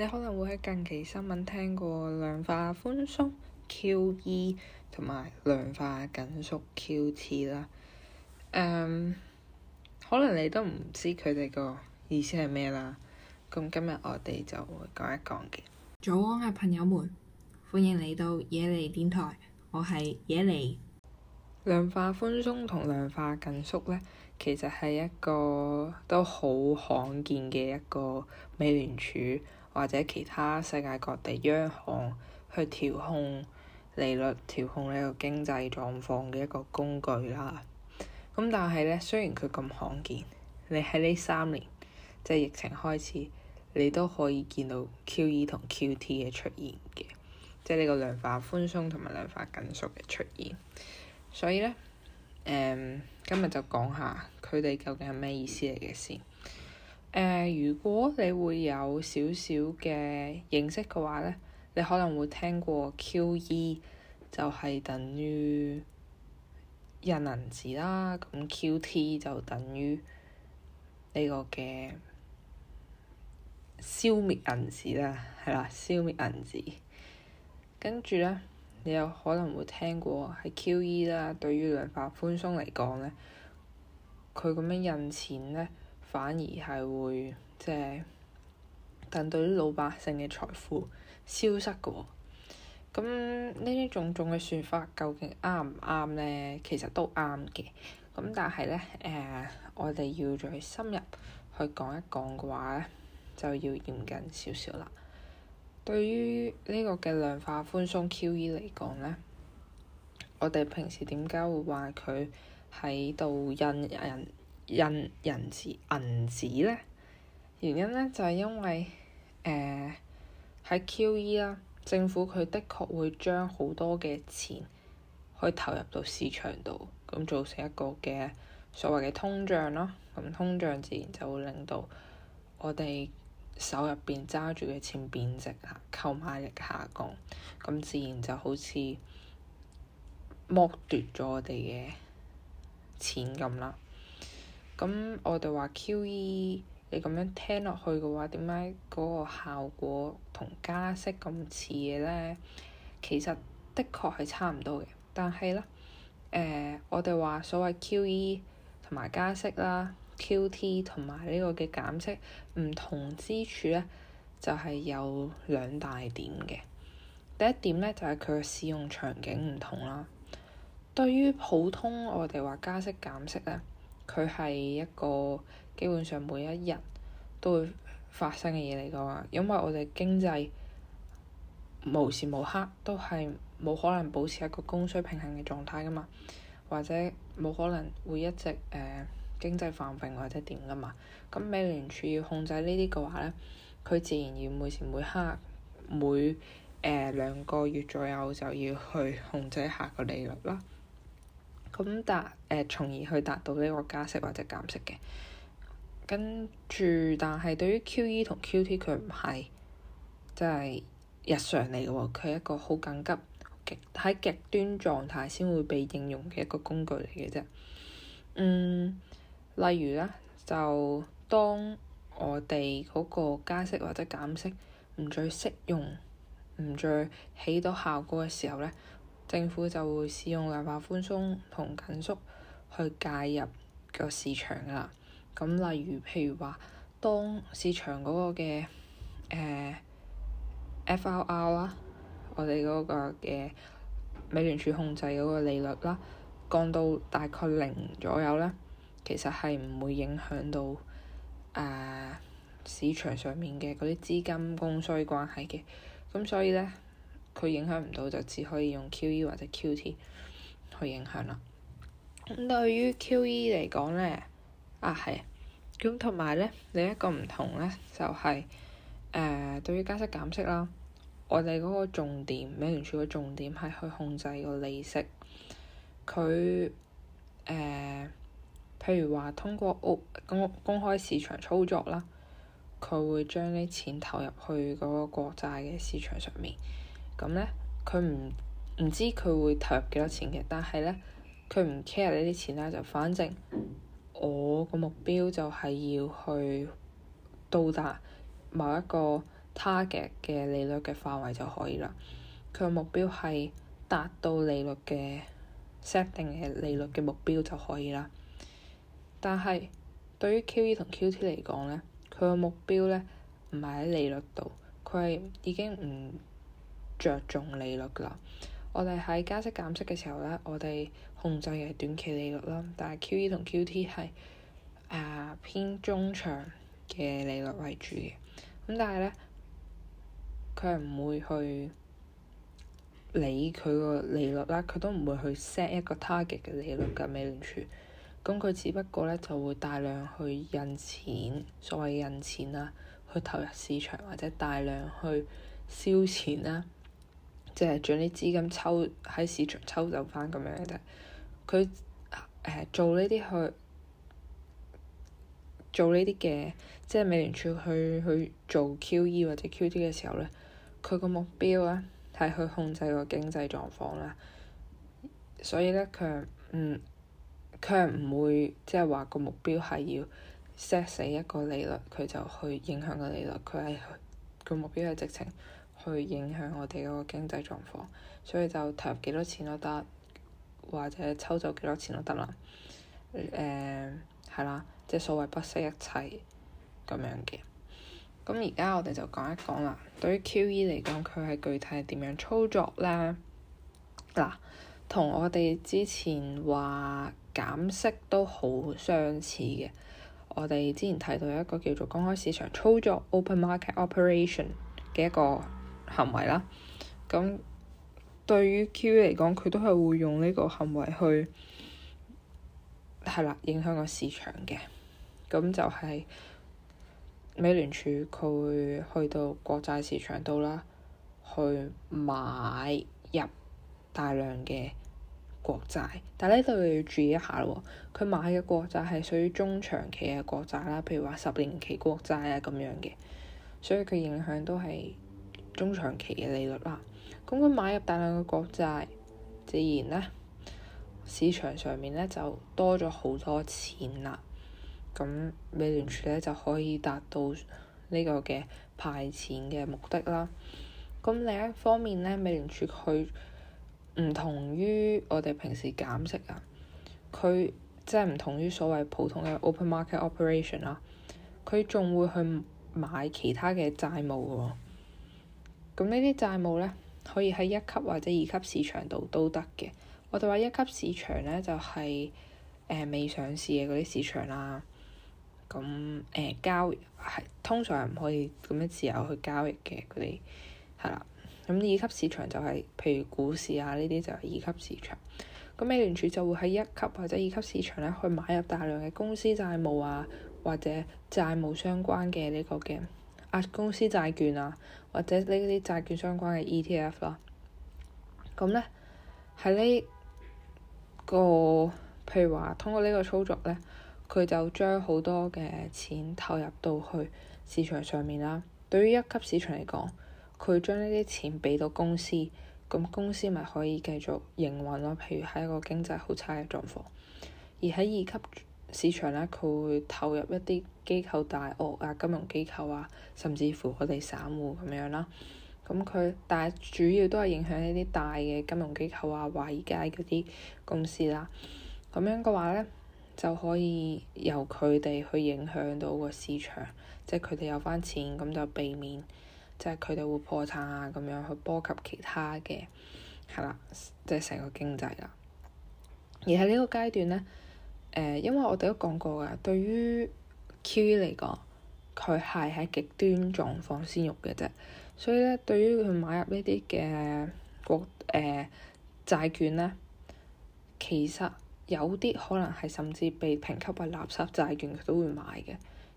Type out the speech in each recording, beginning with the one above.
你可能會喺近期新聞聽過量化寬鬆 QE 同埋量化緊縮 QT 啦。誒、um，可能你都唔知佢哋個意思係咩啦。咁今日我哋就會講一講嘅。早安啊，朋友們，歡迎嚟到野尼電台，我係野尼。量化寬鬆同量化緊縮呢，其實係一個都好罕見嘅一個美聯儲。或者其他世界各地央行去調控利率，調控呢個經濟狀況嘅一個工具啦。咁、嗯、但係咧，雖然佢咁罕見，你喺呢三年即係疫情開始，你都可以見到 QE 同 QT 嘅出現嘅，即係呢個量化寬鬆同埋量化緊縮嘅出現。所以咧，誒、嗯、今日就講下佢哋究竟係咩意思嚟嘅先。呃、如果你會有少少嘅認識嘅話咧，你可能會聽過 QE 就係等於印銀紙啦，咁 QT 就等於呢個嘅消滅銀紙啦，係啦，消滅銀紙。跟住咧，你有可能會聽過喺 QE 啦，對於量化寬鬆嚟講咧，佢咁樣印錢咧。反而係會即係，但、就是、對於老百姓嘅財富消失嘅喎、哦，咁呢種種嘅算法究竟啱唔啱咧？其實都啱嘅，咁但係咧，誒、呃、我哋要再深入去講一講嘅話咧，就要嚴謹少少啦。對於呢個嘅量化寬鬆 QE 嚟講咧，我哋平時點解會話佢喺度印人？人人紙銀紙咧，原因咧就係、是、因為誒喺 QE 啦，呃 e，政府佢的確會將好多嘅錢可以投入到市場度，咁造成一個嘅所謂嘅通脹咯。咁通脹自然就會令到我哋手入邊揸住嘅錢貶值啊，購買力下降，咁自然就好似剝奪咗我哋嘅錢咁啦。咁我哋話 QE，你咁樣聽落去嘅話，點解嗰個效果同加息咁似嘅呢？其實的確係差唔多嘅，但係呢，誒、呃、我哋話所謂 QE 同埋加息啦，QT 同埋呢個嘅減息唔同之處呢，就係、是、有兩大點嘅。第一點呢，就係佢嘅使用場景唔同啦。對於普通我哋話加息減息呢，佢係一個基本上每一日都會發生嘅嘢嚟講嘛，因為我哋經濟無時無刻都係冇可能保持一個供需平衡嘅狀態噶嘛，或者冇可能會一直誒、呃、經濟繁榮或者點噶嘛。咁美聯儲要控制呢啲嘅話咧，佢自然要每時每刻每誒兩、呃、個月左右就要去控制下個利率啦。咁達誒，從而去達到呢個加息或者減息嘅。跟住，但係對於 QE 同 QT，佢唔係即係、就是、日常嚟嘅喎，佢係一個好緊急、極喺極端狀態先會被應用嘅一個工具嚟嘅啫。嗯，例如咧，就當我哋嗰個加息或者減息唔再適用、唔再起到效果嘅時候咧。政府就會使用量化寬鬆同緊縮去介入個市場㗎啦。咁例如，譬如話，當市場嗰個嘅誒、呃、FRR 啦，我哋嗰個嘅美聯儲控制嗰個利率啦，降到大概零左右咧，其實係唔會影響到誒、呃、市場上面嘅嗰啲資金供需關係嘅。咁所以咧。佢影響唔到，就只可以用 QE 或者 QT 去影響啦。咁對於 QE 嚟講咧，啊係咁，同埋咧，另一個唔同咧就係、是、誒、呃、對於加息減息啦。我哋嗰個重點，美聯儲嘅重點係去控制個利息。佢誒、呃、譬如話，通過屋公公開市場操作啦，佢會將啲錢投入去嗰個國債嘅市場上面。咁咧，佢唔唔知佢會投入幾多錢嘅。但係咧，佢唔 care 你啲錢啦，就反正我個目標就係要去到達某一個 target 嘅利率嘅範圍就可以啦。佢個目標係達到利率嘅 set 定嘅利率嘅目標就可以啦。但係對於 QE 同 QT 嚟講咧，佢個目標咧唔係喺利率度，佢係已經唔～着重利率㗎啦，我哋喺加息減息嘅時候咧，我哋控制嘅係短期利率啦。但係 QE 同 QT 係啊、呃、偏中長嘅利率為主嘅。咁但係咧，佢係唔會去理佢個利率啦，佢都唔會去 set 一個 target 嘅利率嘅，美聯儲。咁佢只不過咧就會大量去印錢，所謂印錢啊，去投入市場或者大量去燒錢啦。即係將啲資金抽喺市場抽走翻咁樣啫。佢誒、呃、做呢啲去、就是、去，去做呢啲嘅，即係美聯儲去去做 QE 或者 QT 嘅時候咧，佢個目標咧係去控制個經濟狀況啦。所以咧，佢嗯佢係唔會即係話個目標係要 set 死一個利率，佢就去影響個利率。佢係個目標係直情。會影響我哋嗰個經濟狀況，所以就投入幾多錢都得，或者抽走幾多錢都得啦。誒、嗯，係啦，即係所謂不惜一切咁樣嘅。咁而家我哋就講一講啦。對於 Q.E. 嚟講，佢係具體係點樣操作咧？嗱、啊，同我哋之前話減息都好相似嘅。我哋之前提到一個叫做公開市場操作 （open market operation） 嘅一個行為啦，咁對於 QE 嚟講，佢都係會用呢個行為去係啦，影響個市場嘅。咁就係美聯儲佢會去到國債市場度啦，去買入大量嘅國債。但呢度要注意一下咯，佢買嘅國債係屬於中長期嘅國債啦，譬如話十年期國債啊咁樣嘅，所以佢影響都係中長期嘅利率啦，咁佢買入大量嘅國債，自然呢市場上面呢就多咗好多錢啦。咁美聯儲呢就可以達到呢個嘅派錢嘅目的啦。咁另一方面呢，美聯儲佢唔同於我哋平時減息啊，佢即係唔同於所謂普通嘅 Open Market Operation 啦。佢仲會去買其他嘅債務喎。咁呢啲債務咧，可以喺一級或者二級市場度都得嘅。我哋話一級市場咧就係誒未上市嘅嗰啲市場啦。咁誒交易係通常係唔可以咁樣自由去交易嘅，嗰啲係啦。咁二級市場就係譬如股市啊呢啲就係二級市場。咁美聯儲就會喺一級或者二級市場咧去買入大量嘅公司債務啊，或者債務相關嘅呢個嘅。啊公司債券啊，或者呢啲債券相關嘅 ETF 啦，咁咧喺呢個，譬如話通過呢個操作咧，佢就將好多嘅錢投入到去市場上面啦。對於一級市場嚟講，佢將呢啲錢畀到公司，咁公司咪可以繼續營運咯。譬如喺一個經濟好差嘅狀況，而喺二級市場咧，佢會投入一啲機構大鱷啊、金融機構啊，甚至乎我哋散戶咁樣啦。咁、啊、佢但係主要都係影響呢啲大嘅金融機構啊、華爾街嗰啲公司啦。咁、啊、樣嘅話咧，就可以由佢哋去影響到個市場，即係佢哋有返錢，咁就避免即係佢哋會破產啊，咁樣去波及其他嘅，係、啊、啦，即係成個經濟啦、啊。而喺呢個階段咧。誒，因為我哋都講過噶，對於 QE 嚟講，佢係喺極端狀況先用嘅啫。所以咧，對於佢買入呢啲嘅國誒債券咧，其實有啲可能係甚至被評級為垃圾債券，佢都會買嘅。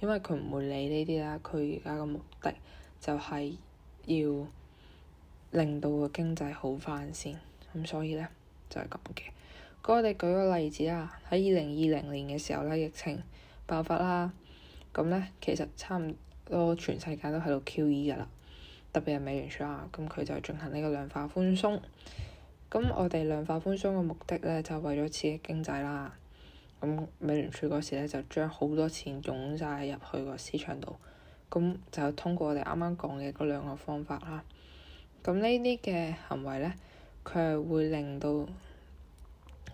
因為佢唔會理呢啲啦，佢而家嘅目的就係要令到個經濟好翻先。咁所以咧，就係咁嘅。咁我哋舉個例子啊，喺二零二零年嘅時候咧，疫情爆發啦，咁咧其實差唔多全世界都喺度 QE 噶啦，特別係美聯儲啊，咁佢就進行呢個量化寬鬆。咁我哋量化寬鬆嘅目的咧，就為咗刺激經濟啦。咁美聯儲嗰時咧，就將好多錢湧晒入去個市場度，咁就通過我哋啱啱講嘅嗰兩個方法啦。咁呢啲嘅行為咧，佢係會令到。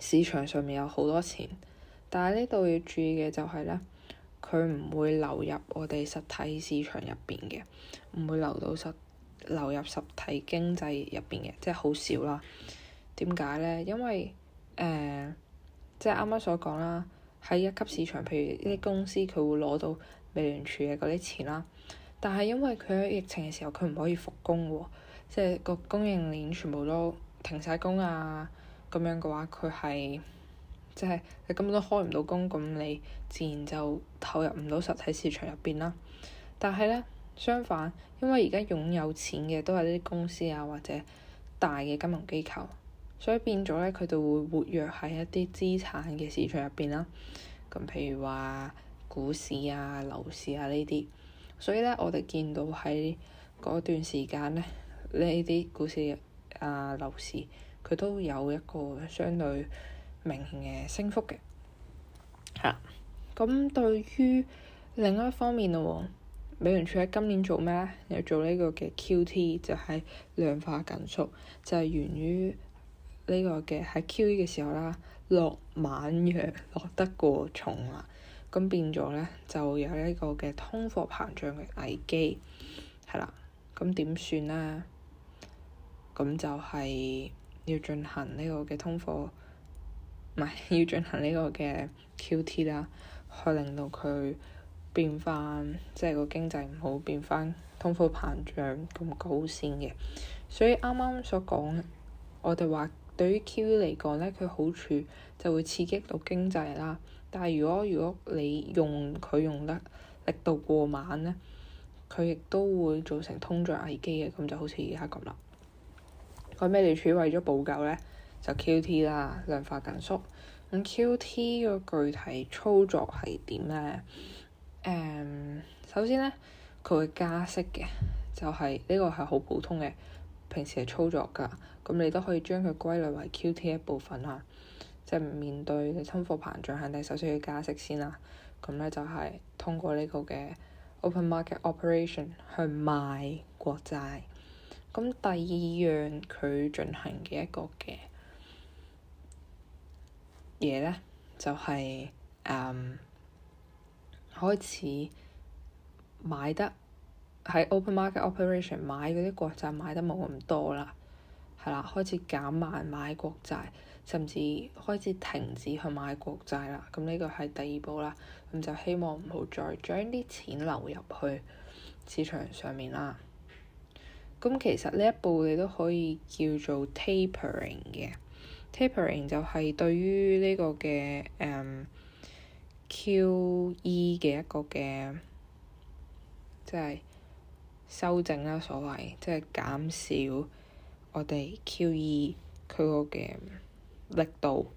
市場上面有好多錢，但係呢度要注意嘅就係呢，佢唔會流入我哋實體市場入邊嘅，唔會流到實流入實體經濟入邊嘅，即係好少啦。點解呢？因為誒，即係啱啱所講啦，喺一級市場，譬如呢啲公司佢會攞到美聯儲嘅嗰啲錢啦，但係因為佢喺疫情嘅時候佢唔可以復工喎，即係個供應鏈全部都停晒工啊！咁樣嘅話，佢係即係你根本都開唔到工，咁你自然就投入唔到實體市場入邊啦。但係呢，相反，因為而家擁有錢嘅都係啲公司啊或者大嘅金融機構，所以變咗呢，佢哋會活躍喺一啲資產嘅市場入邊啦。咁譬如話股市啊、樓市啊呢啲，所以呢，我哋見到喺嗰段時間呢，呢啲股市啊、樓市。佢都有一個相對明顯嘅升幅嘅嚇。咁、嗯、對於另一方面咯喎，美聯儲喺今年做咩咧？又做呢個嘅 Q T 就係量化緊縮，就係、是、源於呢個嘅喺 Q E 嘅時候啦，落猛藥落得過重啦，咁變咗咧就有呢個嘅通貨膨脹嘅危機係啦。咁點算咧？咁就係、是。要進行呢個嘅通貨，唔係要進行呢個嘅 QT 啦，去令到佢變翻，即係個經濟唔好變翻通貨膨脹咁高先嘅。所以啱啱所講，我哋話對於 QE 嚟講咧，佢好處就會刺激到經濟啦。但係如果如果你用佢用得力度過猛咧，佢亦都會造成通脹危機嘅，咁就好似而家咁啦。佢咩地處為咗補救咧，就 QT 啦，量化緊縮。咁 QT 個具體操作係點咧？誒、嗯，首先咧，佢會加息嘅、就是，就係呢個係好普通嘅，平時係操作噶。咁你都可以將佢歸類為 QT 一部分嚇。即係面對通貨膨脹，肯定首先要加息先啦。咁咧就係通過呢個嘅 open market operation 去賣國債。咁第二樣佢進行嘅一個嘅嘢咧，就係、是、誒、um, 開始買得喺 Open Market Operation 買嗰啲國債買得冇咁多啦，係啦，開始減慢買國債，甚至開始停止去買國債啦。咁呢個係第二步啦，咁就希望唔好再將啲錢流入去市場上面啦。咁其實呢一步你都可以叫做 tapering 嘅，tapering 就係對於呢個嘅誒 QE 嘅一個嘅，即係修正啦，所謂即係、就是、減少我哋 QE 佢個嘅力度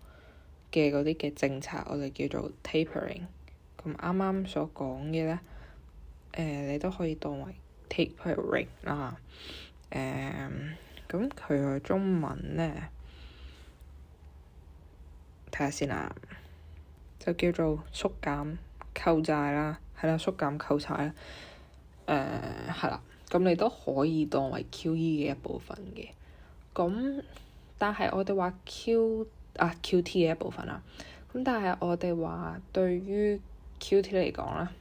嘅嗰啲嘅政策，我哋叫做 tapering。咁啱啱所講嘅咧，誒、呃、你都可以當為 tapering 啦，誒，咁佢個中文咧，睇下先啦，就叫做縮減購債啦，係、嗯、啦，縮減購債啦，誒、嗯，係啦，咁你都可以當為 QE 嘅一部分嘅，咁但係我哋話 QE 啊 QT 嘅一部分啦，咁但係我哋話對於 QT 嚟講啦，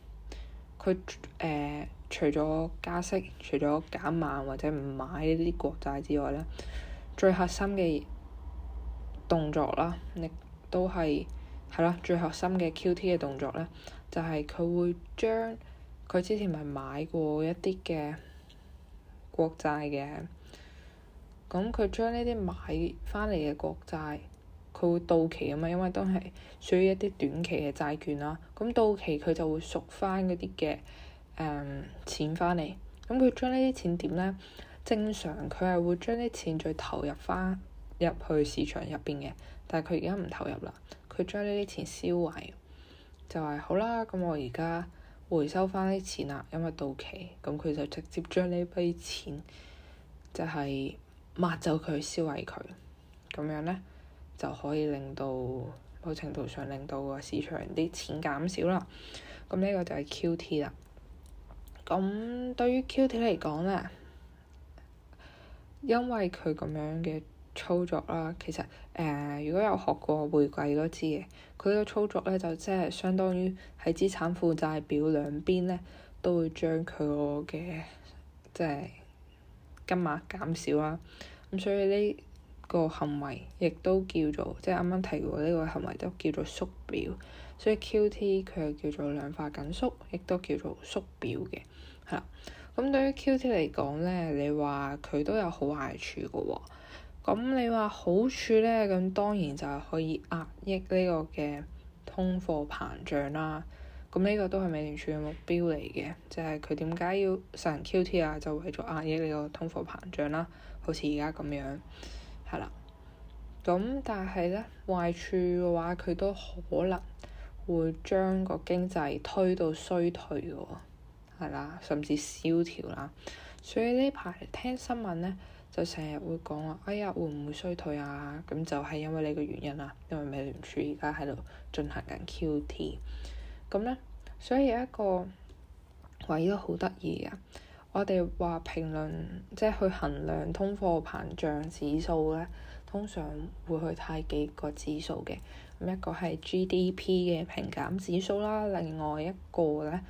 佢誒。呃除咗加息、除咗減慢或者唔買呢啲國債之外咧，最核心嘅動作啦，亦都係係啦，最核心嘅 QT 嘅動作咧，就係、是、佢會將佢之前咪買過一啲嘅國債嘅，咁佢將呢啲買翻嚟嘅國債，佢會到期啊嘛，因為都係屬於一啲短期嘅債券啦。咁到期佢就會贖翻嗰啲嘅。誒、um, 錢返嚟，咁佢將呢啲錢點呢？正常佢係會將啲錢再投入返入去市場入邊嘅，但係佢而家唔投入啦，佢將呢啲錢銷毀，就係、是、好啦。咁我而家回收返啲錢啦，因為到期，咁佢就直接將呢筆錢就係抹走佢，銷毀佢，咁樣呢，就可以令到某程度上令到個市場啲錢減少啦。咁呢個就係 QT 啦。咁對於 QT 嚟講咧，因為佢咁樣嘅操作啦，其實誒、呃，如果有學過會計嗰啲嘅，佢呢個操作咧就即係相當於喺資產負債表兩邊咧，都會將佢個嘅即係金額減少啦。咁所以呢個行為亦都叫做，即係啱啱提過呢個行為都叫做縮表。所以 Q T 佢又叫做量化緊縮，亦都叫做縮表嘅，係啦。咁對於 Q T 嚟講咧，你話佢都有好壞處嘅喎、哦。咁你話好處咧，咁當然就係可以壓抑呢個嘅通貨膨脹啦。咁呢個都係美聯儲嘅目標嚟嘅，就係佢點解要成 Q T 啊？就為咗壓抑呢個通貨膨脹啦。好似而家咁樣係啦。咁但係咧，壞處嘅話，佢都可能，會將個經濟推到衰退喎，係啦，甚至蕭條啦。所以呢排聽新聞咧，就成日會講話，哎呀，會唔會衰退啊？咁就係因為呢個原因啦，因為美聯儲而家喺度進行緊 QT。咁咧，所以有一個位都好得意嘅，我哋話評論即係、就是、去衡量通貨膨脹指數咧，通常會去睇幾個指數嘅。一個係 GDP 嘅平減指數啦，另外一個咧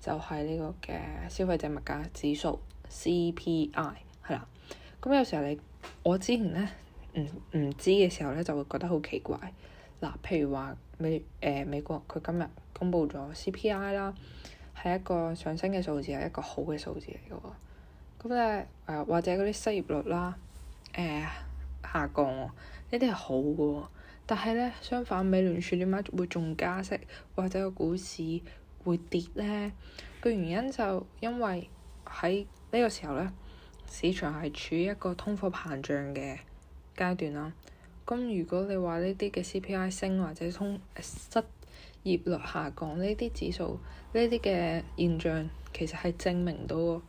就係、是、呢個嘅消費者物價指數 CPI 係啦。咁有時候你我之前咧唔唔知嘅時候咧就會覺得好奇怪。嗱，譬如話美誒、呃、美國佢今日公布咗 CPI 啦，係一個上升嘅數字，係一個好嘅數字嚟嘅喎。咁咧誒或者嗰啲失業率啦誒、呃、下降喎，呢啲係好嘅喎。但係咧，相反，美聯儲點解會仲加息，或者個股市會跌呢？個原因就因為喺呢個時候呢市場係處於一個通貨膨脹嘅階段啦。咁如果你話呢啲嘅 CPI 升或者通失業率下降呢啲指數，呢啲嘅現象其實係證明到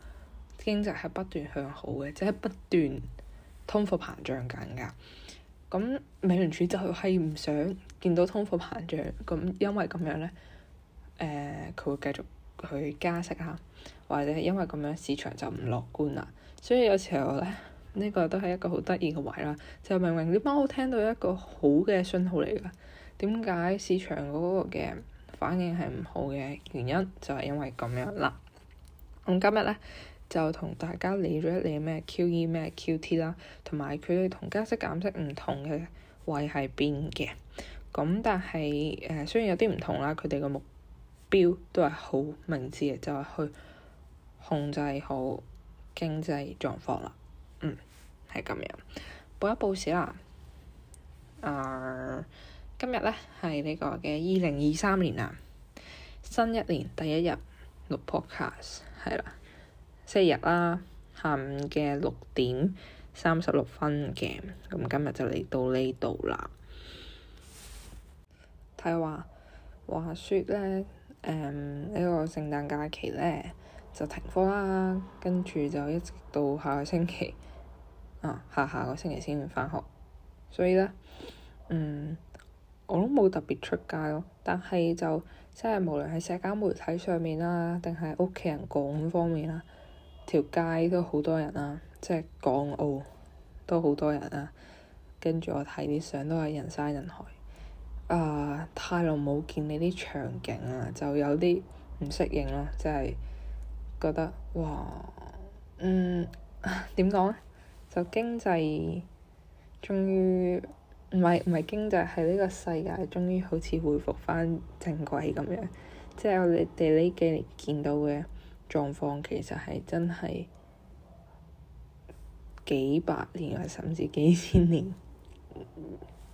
經濟係不斷向好嘅，即係不斷通貨膨脹緊㗎。咁美聯儲就係唔想見到通貨膨脹，咁因為咁樣咧，誒、呃、佢會繼續去加息呀，或者係因為咁樣市場就唔樂觀啦，所以有時候咧呢、呢個都係一個好得意嘅位啦，就係、明明點解我聽到一個好嘅訊號嚟㗎，點解市場嗰個嘅反應係唔好嘅原因就係、是、因為咁樣啦。咁、嗯、今日咧。就同大家理咗一理咩 QE 咩 QT 啦，同埋佢哋同加息減息唔同嘅位係邊嘅。咁。但係，誒、呃，雖然有啲唔同啦，佢哋嘅目標都係好明智嘅，就係、是、去控制好經濟狀況啦。嗯，係咁樣。報一報小蘭啦。誒、啊，今日咧係呢個嘅二零二三年啊，新一年第一日六 podcast 係啦。星期日啦，下午嘅六點三十六分嘅，咁今日就嚟到呢度啦。睇話話説咧，誒、這、呢個聖誕假期咧就停課啦，跟住就一直到下個星期，啊下下個星期先會翻學，所以咧，嗯我都冇特別出街咯，但係就即係無論喺社交媒體上面啦，定係屋企人講嗰方面啦。條街都好多人啊，即係港澳都好多人啊。跟住我睇啲相都係人山人海，啊、呃、太耐冇見你啲場景啊，就有啲唔適應咯、啊，即、就、係、是、覺得哇，嗯點講咧？就經濟終於唔係唔係經濟，係呢個世界終於好似恢復返正軌咁樣，即係我哋哋呢幾年見到嘅狀況其實係真係幾百年，甚至幾千年，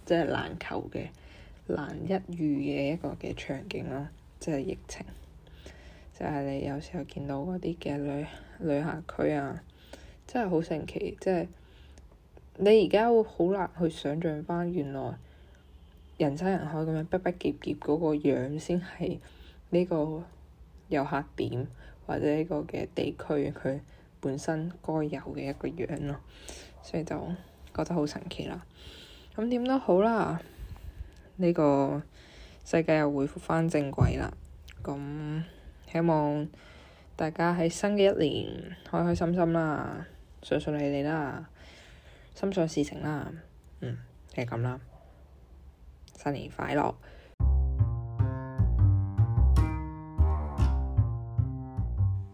即係難求嘅，難一遇嘅一個嘅場景咯。即係疫情，就係、是，你有時候見到嗰啲嘅旅旅客區啊，真係好神奇。即係你而家會好難去想像返，原來人山人海咁樣逼逼結結嗰個樣，先係呢個遊客點。或者呢個嘅地區佢本身該有嘅一個樣咯，所以就覺得好神奇啦。咁點都好啦，呢個世界又回復翻正軌啦。咁希望大家喺新嘅一年開開心心啦，順順利利啦，心想事成啦。嗯，係咁啦，新年快樂！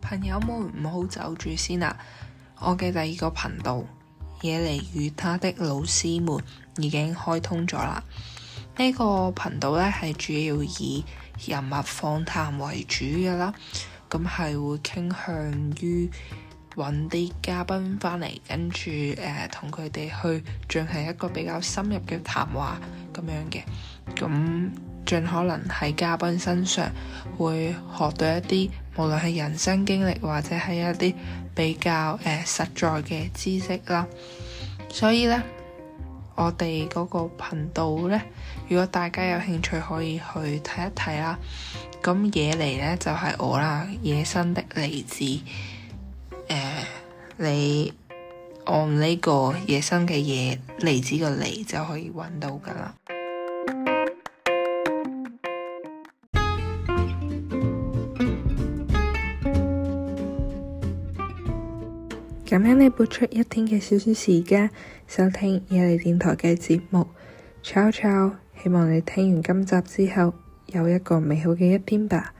朋友們唔好走住先啦，我嘅第二個頻道嘢嚟與他的老師們已經開通咗啦。呢個頻道呢，係主要以人物訪談為主嘅啦，咁係會傾向於揾啲嘉賓翻嚟，跟住誒同佢哋去進行一個比較深入嘅談話咁樣嘅，咁。盡可能喺嘉賓身上會學到一啲，無論係人生經歷或者係一啲比較誒、呃、實在嘅知識啦。所以呢，我哋嗰個頻道呢，如果大家有興趣，可以去睇一睇啦。咁野嚟呢就係、是、我啦，野生的梨子誒、呃，你按呢個野生嘅野梨子個梨就可以揾到噶啦。感恩你撥出一天嘅少少時間收聽野麗電台嘅節目，悄悄希望你聽完今集之後有一個美好嘅一天吧。